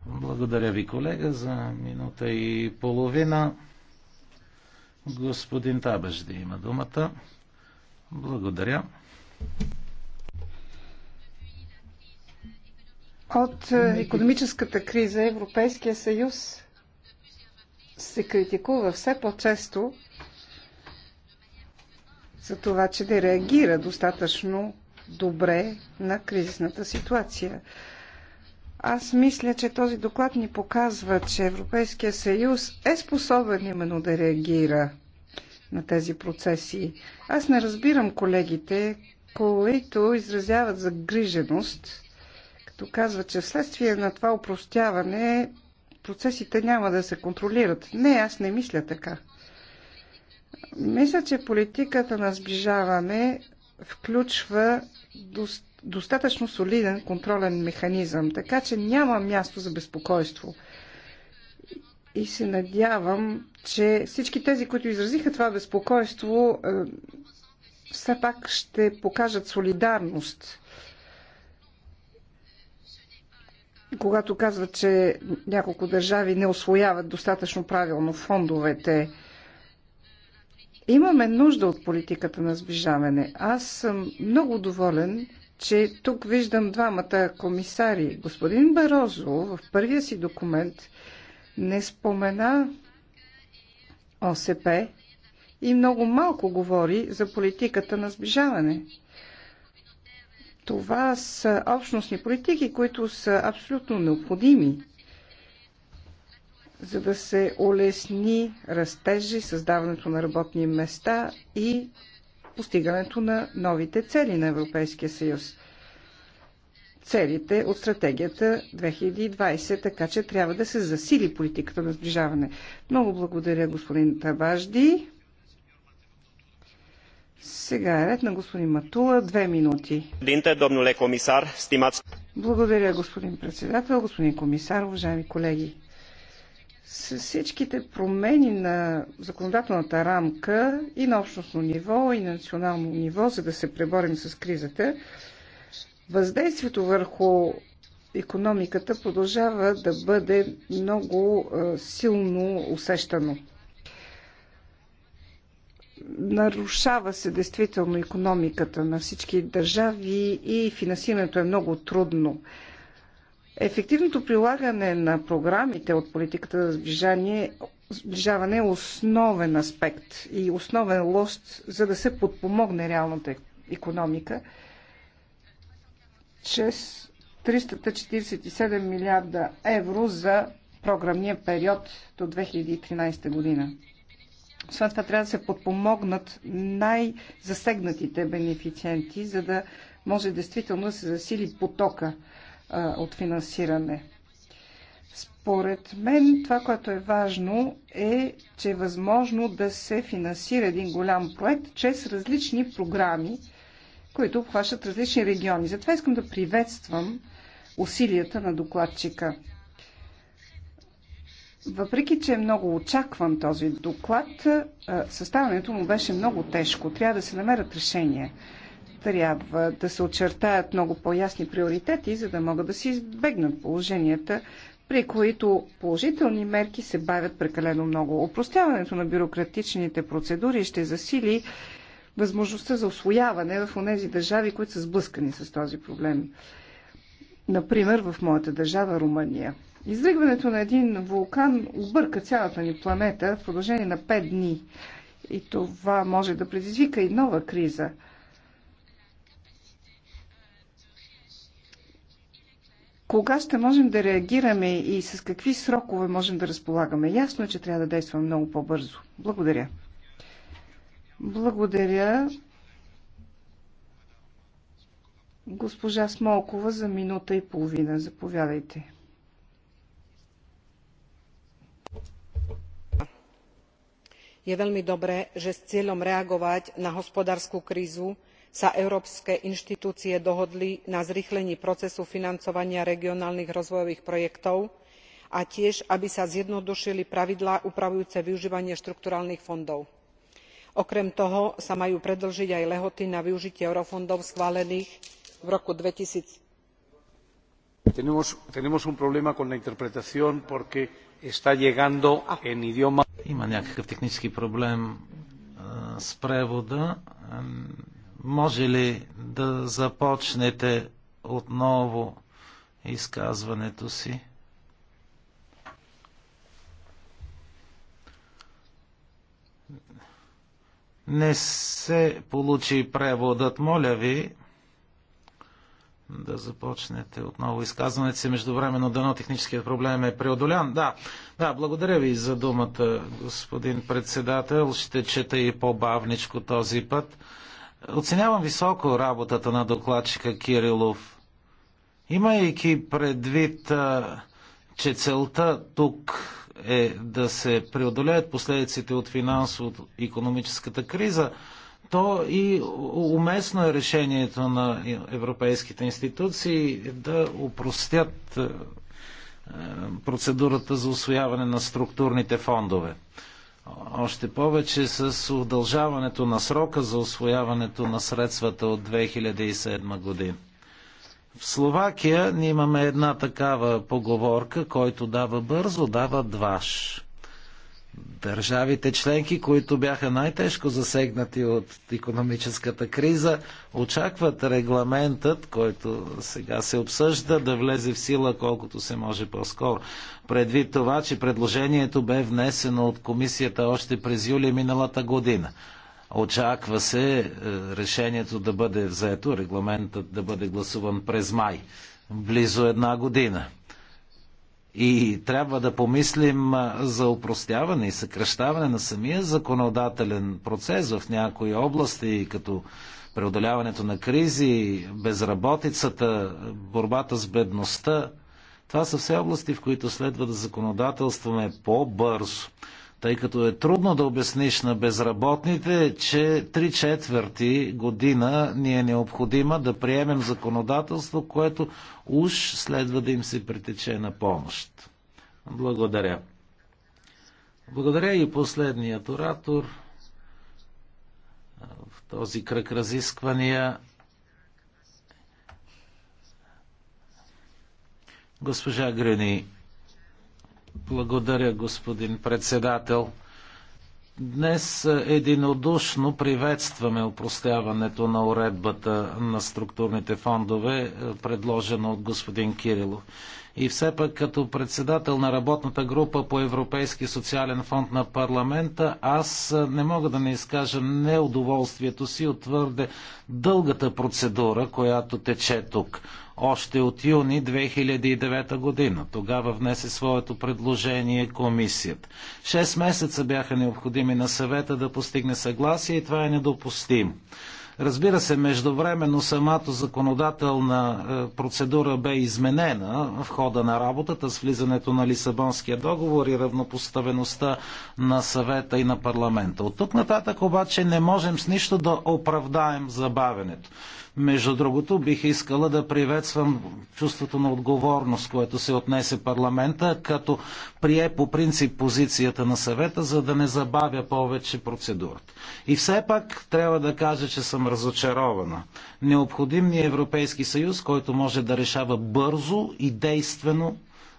Благодаря ви, колега, за минута и половина. Господин Табежди има думата. Благодаря. От е, економическата криза Европейския съюз се критикува все по-често за това, че не реагира достатъчно добре на кризисната ситуация. Аз мисля, че този доклад ни показва, че Европейския съюз е способен именно да реагира на тези процеси. Аз не разбирам колегите, които изразяват загриженост, като казват, че вследствие на това упростяване процесите няма да се контролират. Не, аз не мисля така. Мисля, че политиката на сближаване включва достатъчно достатъчно солиден контролен механизъм, така че няма място за безпокойство. И се надявам, че всички тези, които изразиха това безпокойство, е, все пак ще покажат солидарност. Когато казват, че няколко държави не освояват достатъчно правилно фондовете, имаме нужда от политиката на сближаване. Аз съм много доволен, че тук виждам двамата комисари. Господин Барозо в първия си документ не спомена ОСП и много малко говори за политиката на сближаване. Това са общностни политики, които са абсолютно необходими, за да се улесни растежи, създаването на работни места и постигането на новите цели на Европейския съюз. Целите от стратегията 2020, така че трябва да се засили политиката на сближаване. Много благодаря, господин Табажди. Сега е ред на господин Матула. Две минути. Благодаря, господин председател, господин комисар, уважаеми колеги. С всичките промени на законодателната рамка и на общностно ниво, и на национално ниво, за да се преборим с кризата, въздействието върху економиката продължава да бъде много силно усещано. Нарушава се действително економиката на всички държави и финансирането е много трудно. Ефективното прилагане на програмите от политиката за сближание, сближаване е основен аспект и основен лост, за да се подпомогне реалната економика чрез 347 милиарда евро за програмния период до 2013 година. Освен това трябва да се подпомогнат най-засегнатите бенефициенти, за да може действително да се засили потока от финансиране. Според мен това, което е важно е, че е възможно да се финансира един голям проект чрез различни програми, които обхващат различни региони. Затова искам да приветствам усилията на докладчика. Въпреки, че е много очакван този доклад, съставянето му беше много тежко. Трябва да се намерят решения трябва да се очертаят много по-ясни приоритети, за да могат да се избегнат положенията, при които положителни мерки се бавят прекалено много. Опростяването на бюрократичните процедури ще засили възможността за освояване в тези държави, които са сблъскани с този проблем. Например, в моята държава Румъния. Изригването на един вулкан обърка цялата ни планета в продължение на 5 дни. И това може да предизвика и нова криза – Кога ще можем да реагираме и с какви срокове можем да разполагаме? Ясно е, че трябва да действаме много по-бързо. Благодаря. Благодаря. Госпожа Смолкова за минута и половина. Заповядайте. Je veľmi dobré, že s cieľom reagovať na hospodárskú krízu sa európske inštitúcie dohodli na zrýchlení procesu financovania regionálnych rozvojových projektov a tiež aby sa zjednodušili pravidlá upravujúce využívanie štrukturálnych fondov. okrem toho sa majú predĺžiť aj lehoty na využitie eurofondov schválených v roku. two thousand има някакъв може ли да започнете отново изказването си? Не се получи преводът. Моля ви да започнете отново изказването си. Междувременно дано техническият проблем е преодолян. Да, да, благодаря ви за думата, господин председател. Ще чета и по-бавничко този път. Оценявам високо работата на докладчика Кирилов. Имайки предвид, че целта тук е да се преодолеят последиците от финансово-економическата криза, то и уместно е решението на европейските институции да упростят процедурата за освояване на структурните фондове. Още повече с удължаването на срока за освояването на средствата от 2007 година. В Словакия ние имаме една такава поговорка, който дава бързо, дава дваш. Държавите членки, които бяха най-тежко засегнати от економическата криза, очакват регламентът, който сега се обсъжда, да влезе в сила колкото се може по-скоро. Предвид това, че предложението бе внесено от комисията още през юли миналата година. Очаква се е, решението да бъде взето, регламентът да бъде гласуван през май, близо една година. И трябва да помислим за упростяване и съкръщаване на самия законодателен процес в някои области, като преодоляването на кризи, безработицата, борбата с бедността. Това са все области, в които следва да законодателстваме по-бързо тъй като е трудно да обясниш на безработните, че три четвърти година ни е необходима да приемем законодателство, което уж следва да им се притече на помощ. Благодаря. Благодаря и последният оратор в този кръг разисквания. Госпожа Грени, благодаря, господин председател. Днес е, единодушно приветстваме упростяването на уредбата на структурните фондове, е, предложено от господин Кирилов. И все пък като председател на работната група по Европейски социален фонд на парламента, аз не мога да не изкажа неудоволствието си от твърде дългата процедура, която тече тук още от юни 2009 година. Тогава внесе своето предложение комисията. Шест месеца бяха необходими на съвета да постигне съгласие и това е недопустимо. Разбира се, междувременно самата законодателна е, процедура бе изменена в хода на работата с влизането на Лисабонския договор и равнопоставеността на съвета и на парламента. От тук нататък обаче не можем с нищо да оправдаем забавенето. Между другото, бих искала да приветствам чувството на отговорност, което се отнесе парламента, като прие по принцип позицията на съвета, за да не забавя повече процедурата. И все пак трябва да кажа, че съм разочарована. Необходим ни е Европейски съюз, който може да решава бързо и действено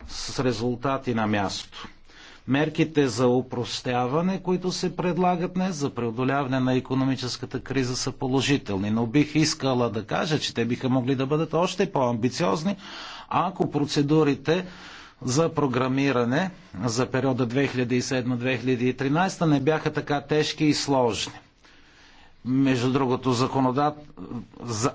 с резултати на място. Мерките за упростяване, които се предлагат днес за преодоляване на економическата криза са положителни, но бих искала да кажа, че те биха могли да бъдат още по-амбициозни, ако процедурите за програмиране за периода 2007-2013 не бяха така тежки и сложни. Между другото, законодат...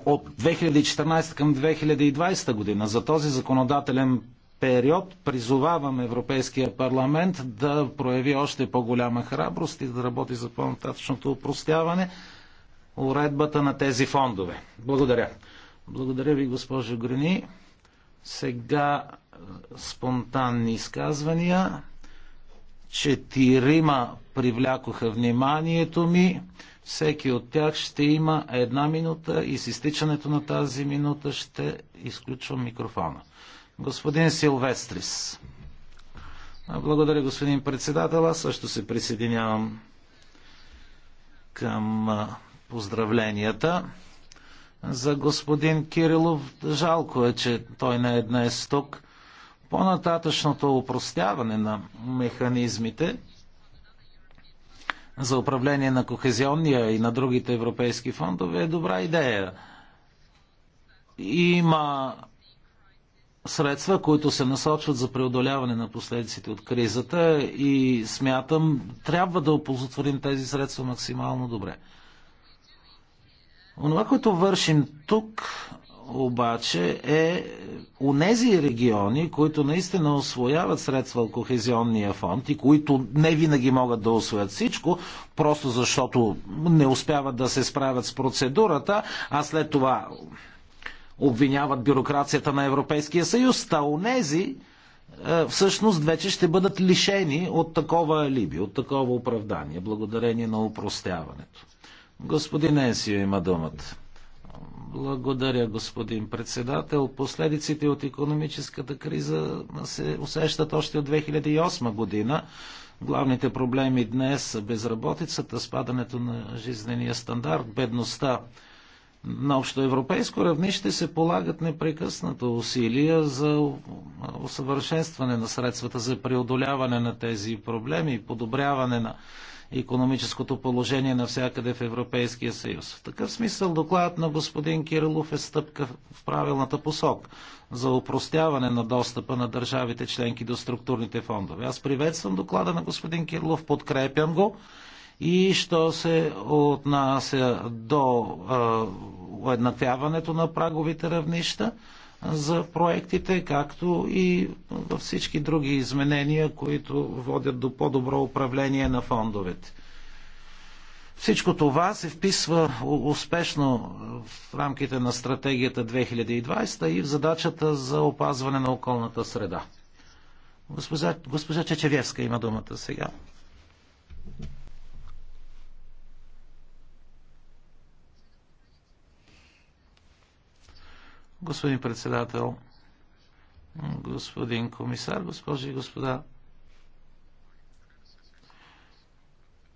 от 2014 към 2020 година за този законодателен период призовавам Европейския парламент да прояви още по-голяма храброст и да работи за по-нататъчното упростяване уредбата на тези фондове. Благодаря. Благодаря ви, госпожо Грени. Сега е, спонтанни изказвания. Четирима привлякоха вниманието ми. Всеки от тях ще има една минута и с изтичането на тази минута ще изключвам микрофона. Господин Силвестрис. Благодаря, господин председател. Аз също се присъединявам към поздравленията за господин Кирилов. Жалко е, че той не е днес тук. По-нататъчното упростяване на механизмите за управление на кохезионния и на другите европейски фондове е добра идея. Има средства, които се насочват за преодоляване на последиците от кризата и смятам, трябва да оползотворим тези средства максимално добре. Онова, което вършим тук, обаче е нези региони, които наистина освояват средства от кохезионния фонд и които не винаги могат да освоят всичко, просто защото не успяват да се справят с процедурата, а след това обвиняват бюрокрацията на Европейския съюз, та онези е, всъщност вече ще бъдат лишени от такова алиби, от такова оправдание, благодарение на упростяването. Господин Енсио има думата. Благодаря, господин председател. Последиците от економическата криза се усещат още от 2008 година. Главните проблеми днес са безработицата, спадането на жизнения стандарт, бедността. На общоевропейско равнище се полагат непрекъснато усилия за усъвършенстване на средствата за преодоляване на тези проблеми и подобряване на економическото положение навсякъде в Европейския съюз. В такъв смисъл докладът на господин Кирилов е стъпка в правилната посок за упростяване на достъпа на държавите членки до структурните фондове. Аз приветствам доклада на господин Кирилов, подкрепям го и що се отнася до уеднаквяването на праговите равнища за проектите, както и във всички други изменения, които водят до по-добро управление на фондовете. Всичко това се вписва успешно в рамките на стратегията 2020 и в задачата за опазване на околната среда. Госпожа, госпожа Чечевевска има думата сега. господин председател, господин комисар, госпожи и господа.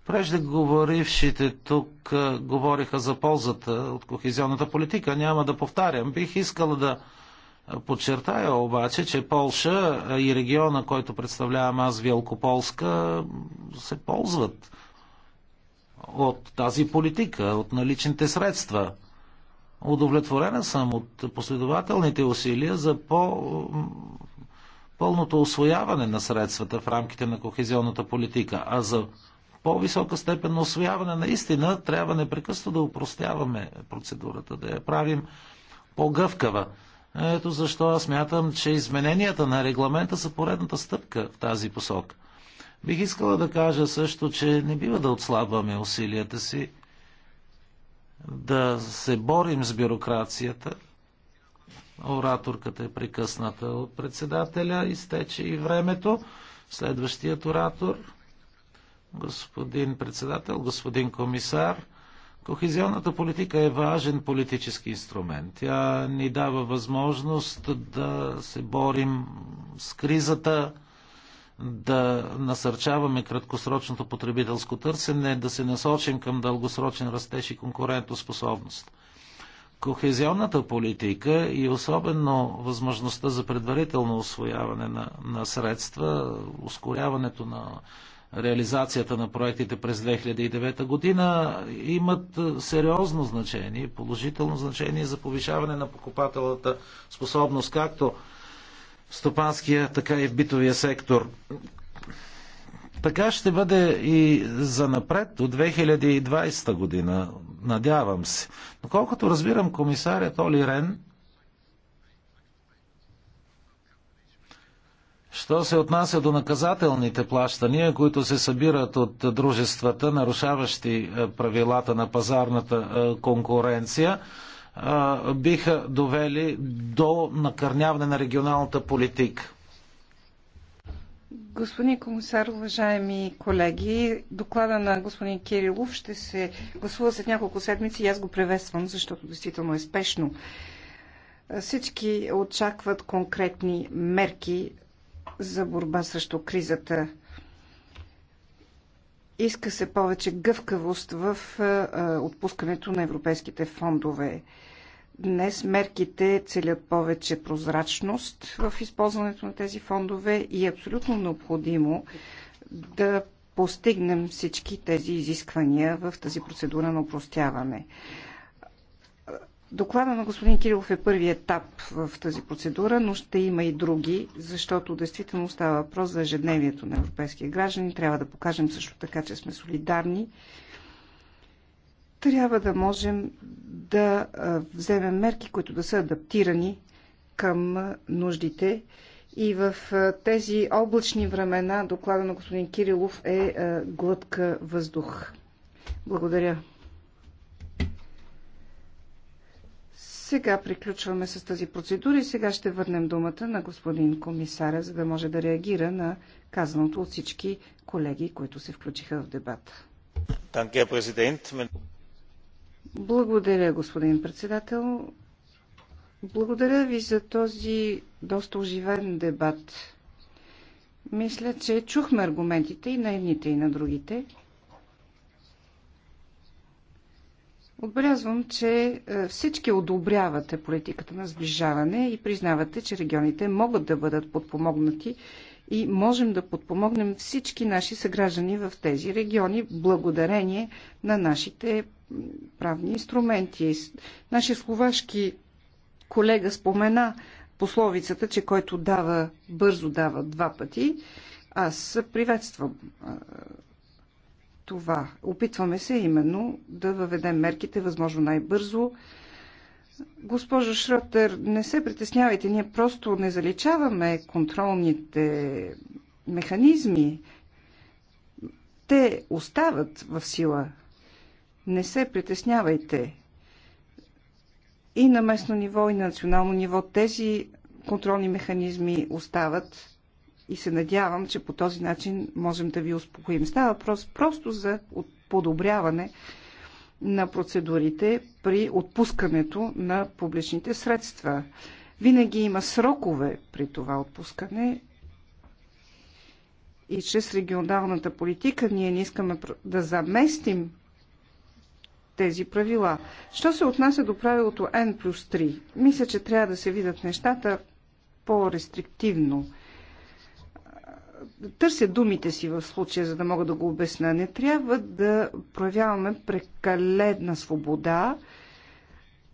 Преждеговорившите тук говориха за ползата от кохезионната политика. Няма да повтарям. Бих искала да подчертая обаче, че Полша и региона, който представлявам аз, Велкополска, се ползват от тази политика, от наличните средства. Удовлетворена съм от последователните усилия за по пълното освояване на средствата в рамките на кохезионната политика, а за по-висока степен на освояване наистина трябва непрекъсто да упростяваме процедурата, да я правим по-гъвкава. Ето защо аз мятам, че измененията на регламента са поредната стъпка в тази посока. Бих искала да кажа също, че не бива да отслабваме усилията си да се борим с бюрокрацията. Ораторката е прекъсната от председателя, изтече и времето. Следващият оратор, господин председател, господин комисар, Кохезионната политика е важен политически инструмент. Тя ни дава възможност да се борим с кризата, да насърчаваме краткосрочното потребителско търсене, да се насочим към дългосрочен растеж и конкурентоспособност. Кохезионната политика и особено възможността за предварително освояване на, на средства, ускоряването на реализацията на проектите през 2009 година имат е, сериозно значение, положително значение за повишаване на покупателната способност както стопанския, така и в битовия сектор. Така ще бъде и за напред от 2020 година, надявам се. Но колкото разбирам комисарят Оли Рен, Що се отнася до наказателните плащания, които се събират от дружествата, нарушаващи е, правилата на пазарната е, конкуренция, биха довели до накърняване на регионалната политика. Господин комисар, уважаеми колеги, доклада на господин Кирилов ще се гласува след няколко седмици и аз го превествам, защото действително е спешно. Всички очакват конкретни мерки за борба срещу кризата. Иска се повече гъвкавост в отпускането на европейските фондове. Днес мерките целят повече прозрачност в използването на тези фондове и е абсолютно необходимо да постигнем всички тези изисквания в тази процедура на упростяване. Доклада на господин Кирилов е първи етап в тази процедура, но ще има и други, защото действително става въпрос за ежедневието на европейския граждани. Трябва да покажем също така, че сме солидарни. Трябва да можем да вземем мерки, които да са адаптирани към нуждите. И в тези облачни времена доклада на господин Кирилов е глътка въздух. Благодаря. Сега приключваме с тази процедура и сега ще върнем думата на господин комисаря, за да може да реагира на казаното от всички колеги, които се включиха в дебата. Благодаря, господин председател. Благодаря ви за този доста оживен дебат. Мисля, че чухме аргументите и на едните, и на другите. Отбелязвам, че е, всички одобрявате политиката на сближаване и признавате, че регионите могат да бъдат подпомогнати и можем да подпомогнем всички наши съграждани в тези региони благодарение на нашите правни инструменти. Наши словашки колега спомена пословицата, че който дава бързо, дава два пъти. Аз приветствам това. Опитваме се именно да въведем мерките възможно най-бързо. Госпожо Шротер, не се притеснявайте, ние просто не заличаваме контролните механизми. Те остават в сила. Не се притеснявайте. И на местно ниво, и на национално ниво тези контролни механизми остават и се надявам, че по този начин можем да ви успокоим. Става въпрос просто за подобряване на процедурите при отпускането на публичните средства. Винаги има срокове при това отпускане и чрез регионалната политика ние не искаме да заместим тези правила. Що се отнася до правилото N плюс 3? Мисля, че трябва да се видят нещата по-рестриктивно търся думите си в случая, за да мога да го обясня. Не трябва да проявяваме прекалена свобода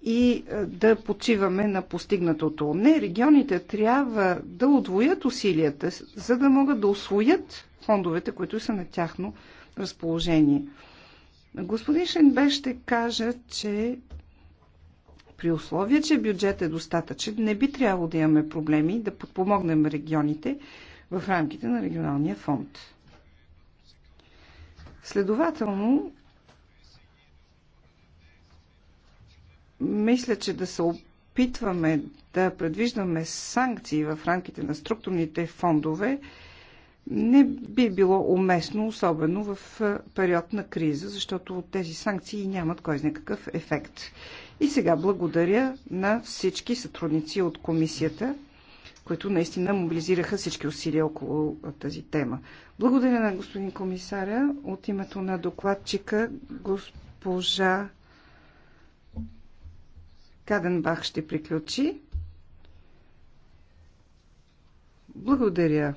и е, да почиваме на постигнатото. Не, регионите трябва да отвоят усилията, за да могат да освоят фондовете, които са на тяхно разположение. Господин Шенбе ще каже, че при условие, че бюджет е достатъчен, не би трябвало да имаме проблеми да подпомогнем регионите, в рамките на регионалния фонд. Следователно, мисля, че да се опитваме да предвиждаме санкции в рамките на структурните фондове не би било уместно, особено в период на криза, защото тези санкции нямат кой знае какъв ефект. И сега благодаря на всички сътрудници от комисията които наистина мобилизираха всички усилия около тази тема. Благодаря на господин комисаря. От името на докладчика госпожа Каденбах ще приключи. Благодаря.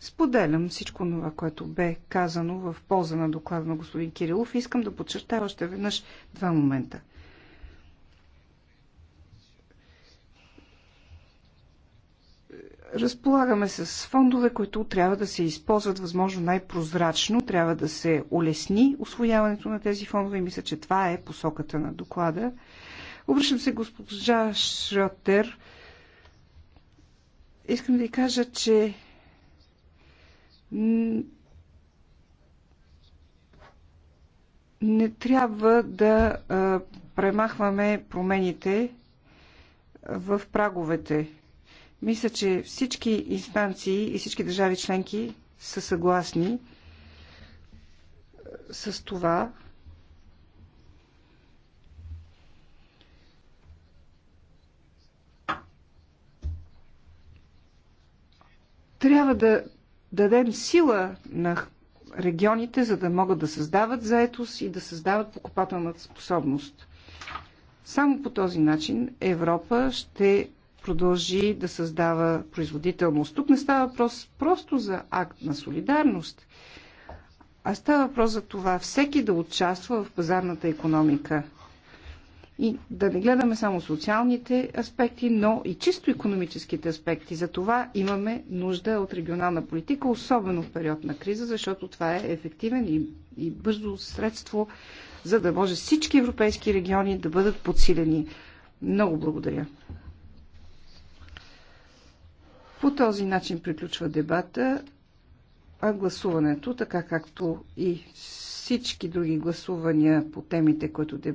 Споделям всичко това, което бе казано в полза на доклада на господин Кирилов. Искам да подчертая още веднъж два момента – разполагаме с фондове, които трябва да се използват възможно най-прозрачно, трябва да се улесни освояването на тези фондове и мисля, че това е посоката на доклада. Обръщам се госпожа Шротер. Искам да ви кажа, че не трябва да премахваме промените в праговете мисля, че всички инстанции и всички държави членки са съгласни е, с това, трябва да дадем сила на регионите, за да могат да създават заетост и да създават покупателната способност. Само по този начин Европа ще продължи да създава производителност. Тук не става въпрос просто за акт на солидарност, а става въпрос за това всеки да участва в пазарната економика. И да не гледаме само социалните аспекти, но и чисто економическите аспекти. За това имаме нужда от регионална политика, особено в период на криза, защото това е ефективен и, и бързо средство, за да може всички европейски региони да бъдат подсилени. Много благодаря. По този начин приключва дебата, а гласуването, така както и всички други гласувания по темите, които дебатираме,